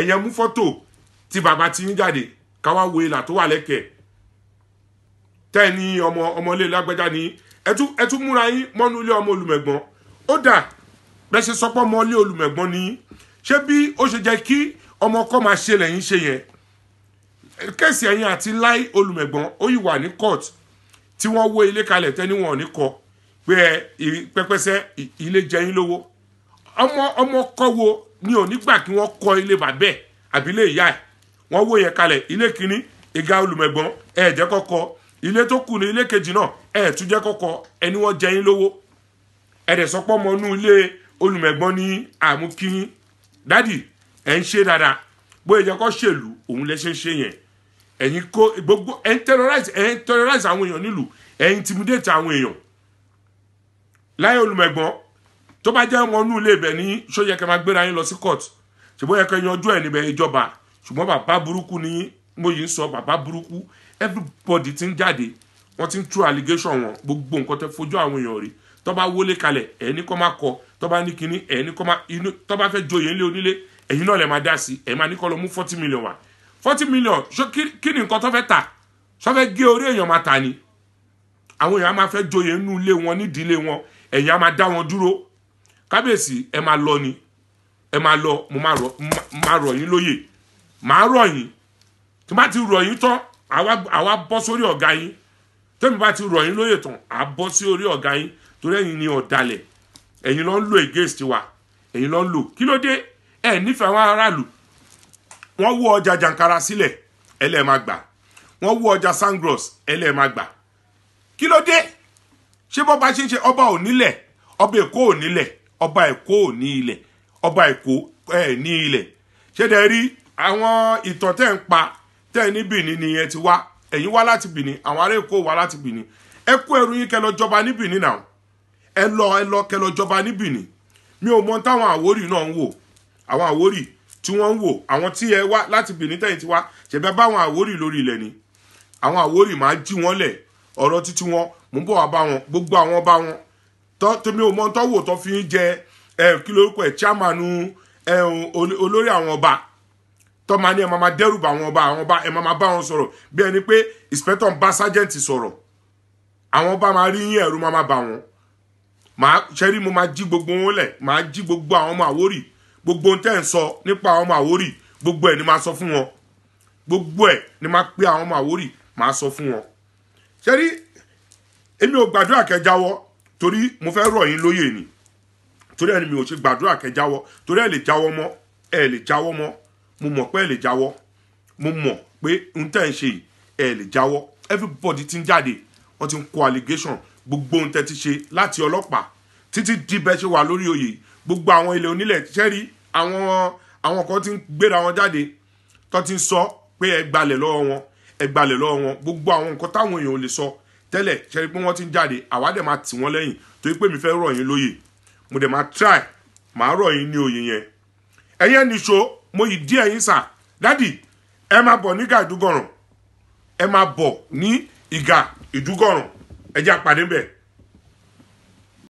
ẹ̀yẹn mú fọ́tò tí bàbá ti ń jáde káwá wo ìlà tó wà lẹ́kẹ̀ẹ́ tẹ́ ẹ ní ọmọ ọmọlé lágbájá ní ẹ tún múra yín mọ́nú ilé ọmọ olùmẹ̀gbọ́n ó dà bẹ́ẹ̀ ṣe sọpọ́ ọmọlé olùmẹ̀gbọ́n ní ṣé bí ó ṣe jẹ́ kí ọmọ kọ́ máa ṣe lẹ́yìn ṣe yẹn kẹ́sì ẹ̀yìn àti láì olùmẹ̀gbọ́n ó yìí wà ní court tí wọ́n wó ilé kalẹ̀ tẹ́ níwọ̀n ní kọ́ pé pẹ́pẹ́sẹ́ ilé jẹyìn lówó ọmọ ọmọ kọ́ wo ní onígbà kí wọ́n kọ́ ilé bàbẹ́ àbí ilé ìyá ẹ̀ wọ́n wó yẹn kalẹ̀ ilé kìíní ìga olùmẹ̀gbọ́n ẹ̀ jẹ́ kọ́kọ́ ilé tó kù ní ilé kejì náà ẹ̀ tún jẹ́ kọ́kọ́ ẹni wọ́n jẹ yín lówó ẹ̀ de sọpọ́ mọ inú ilé olùmẹ̀gbọ́n ní àmúkíyín dádì ẹ̀ ń ṣe dáadáa bóyá ìjẹ́ kọ́ ṣèlú òun lẹ ṣe ń ṣe yẹn ẹ̀yin kó gbogbo ẹ̀ ń terrorize ẹ̀ ń terrorize àwọn èèyàn nílùú ẹ̀ ń intimidate àwọn èèyàn tó bá jẹ́ wọn nú ilé ibẹ̀ ní sóyẹ kẹ́ máa gbéra yín lọ sí court ṣùgbọ́n yẹ kẹ́ yanjú ẹ̀ níbẹ̀ ìjọba ṣùgbọ́n bàbá burúkú ni mo yìí ń sọ bàbá burúkú everybody ti ń jáde wọ́n ti ń tú allegation wọn gbogbo nǹkan tẹ́ fojú àwọn èèyàn rí tó bá wọlé kalẹ̀ ẹ̀ ní kó má kọ tó bá ní kinní ẹ̀ ní kó má inú tó bá fẹ́ joyè ńlẹ̀ onílé ẹ̀yin náà lè máa dá sí ẹ̀ máa ní kó lọ mú forty million wá forty million kí ni nǹkan tó fẹ́ ta tó fẹ́ gé orí èèyàn máa tà ni àwọn èèyàn á máa fẹ́ joyè nínú ilé wọn nídìílé wọn ẹ̀yin á máa dá wọn dúró kábíyèsí ẹ máa lọ ni ẹ máa lọ mo máa rọ̀ yín lóyè màá rọ̀ yín tí bá ti rọ̀ yín tán àwa bọ́ sórí ọ̀gá yín tẹ́mi bá ti rọ̀ yín lóyè tán àá bọ́ sí orí ọ̀gá yín torí ẹ̀yin ni ọ̀dàlẹ̀ ẹ̀yin ló ń lo against wa ẹ̀yin ló ń lò kí ló dé ẹ̀ nífẹ̀ẹ́ àwọn aráàlú wọ́n wó ọjà jàǹkara sílẹ̀ ẹlẹ́ẹ̀ máa gbà wọ́n wó ọjà sangros ẹlẹ́ẹ̀ máa gbà kí ló dé ṣé bọ́ bá ṣe ń ṣe ọba ò nílẹ̀ ọba èkó ò nílẹ̀ ọba èkó ò ní ilẹ̀ ọba èkó ẹ̀ ní ilẹ̀ ṣẹ́dẹ̀ rí àwọn ìtàn tẹ́ ń pa tẹ́ ní Benin nìyẹn ti wá ẹ̀yin wá láti Benin àwọn ará èkó wá láti Benin ẹ kó ẹrù yín kẹ́ lọ jọba ní Benin náà ẹ lọ ẹ lọ kẹ́ lọ jọba ní Benin mi ò mọ táwọn àwórì náà ń wò àwọn àwórì tí wọ́n ń wò àwọn tí ẹ wá láti Benin tẹ̀yìn ti wá ṣẹ̀bẹ̀ báwọn àwórì lórí ilẹ̀ ni àwọn àwórì máa jí wọn lẹ̀ ọ̀rọ̀ títí wọn mò bọ̀ wá bá wọn gbogbo àwọn bá wọn tèmi ò mọ tọ́wọ́ tó fi ń jẹ kí lórúkọ ẹ̀ chairman olórí àwọn ọba tó máa ní ẹ máa máa dẹ́rùbà àwọn ọba àwọn ọba ẹ máa máa bá wọn sọ̀rọ̀ bí ẹni pé inspector ń bá sergeant sọ̀rọ̀ àwọn ọba máa rí yín ẹ̀rù máa máa bà wọ́n màá ṣẹ́rí mo máa jí gbogbo wọn lẹ̀ màá jí gbogbo àwọn ọmọ àwórì gbogbo ohun tẹ́ ń sọ nípa àwọn ọmọ àwórì gbogbo ẹ̀ ni máa sọ fún wọn gbogbo ẹ̀ ni máa pé àwọn ọmọ àwórì máa sọ fún wọn ṣẹ́rí èmi ò gbàdúrà kẹjáwọ́ torí mo fẹ́ rọ̀ yín lóyè ni torí ẹni mi ò ṣe gbàdúrà kẹ́ jáwọ́ torí ẹ lè jáwọ́ mọ́ ẹ lè jáwọ́ mọ́ mo mọ̀ pé ẹ lè jáwọ́ mo mọ̀ pé n tẹ́ ń ṣe ẹ lè jáwọ́ everybody ti ń jáde wọ́n ti ń kó allegation gbogbo ohun tẹ́ ti ṣe láti ọlọ́pàá títí dibẹ̀ ṣe wà lórí oyè gbogbo àwọn ilẹ̀ onílẹ̀ ṣẹ́rí àwọn àwọn kan ti ń gbéra wọn jáde tó ti ń sọ pé ẹ gbalẹ̀ lọ́wọ́ wọn ẹ gbalẹ̀ lọ́wọ́ wọn gbogbo àwọn nǹkan táwọn èèyàn ò lè sọ tẹ́lẹ̀ ṣẹ́ni pé wọ́n ti ń jáde àwa dẹ̀ máa tì wọ́n lẹ́yìn torí pé mi fẹ́ rọ̀ yín lóye mo dẹ̀ máa try màá rọ̀ yín ní oyè yẹn ẹ̀yẹ́ nìṣó mo yìí díẹ̀ yín sà dádì ẹ máa bọ̀ ní ìgà ìdúgọ̀ràn ẹ máa bọ̀ ní ìgà ìdúgọ̀ràn ẹ jẹ́ àpàdé bẹ́ẹ̀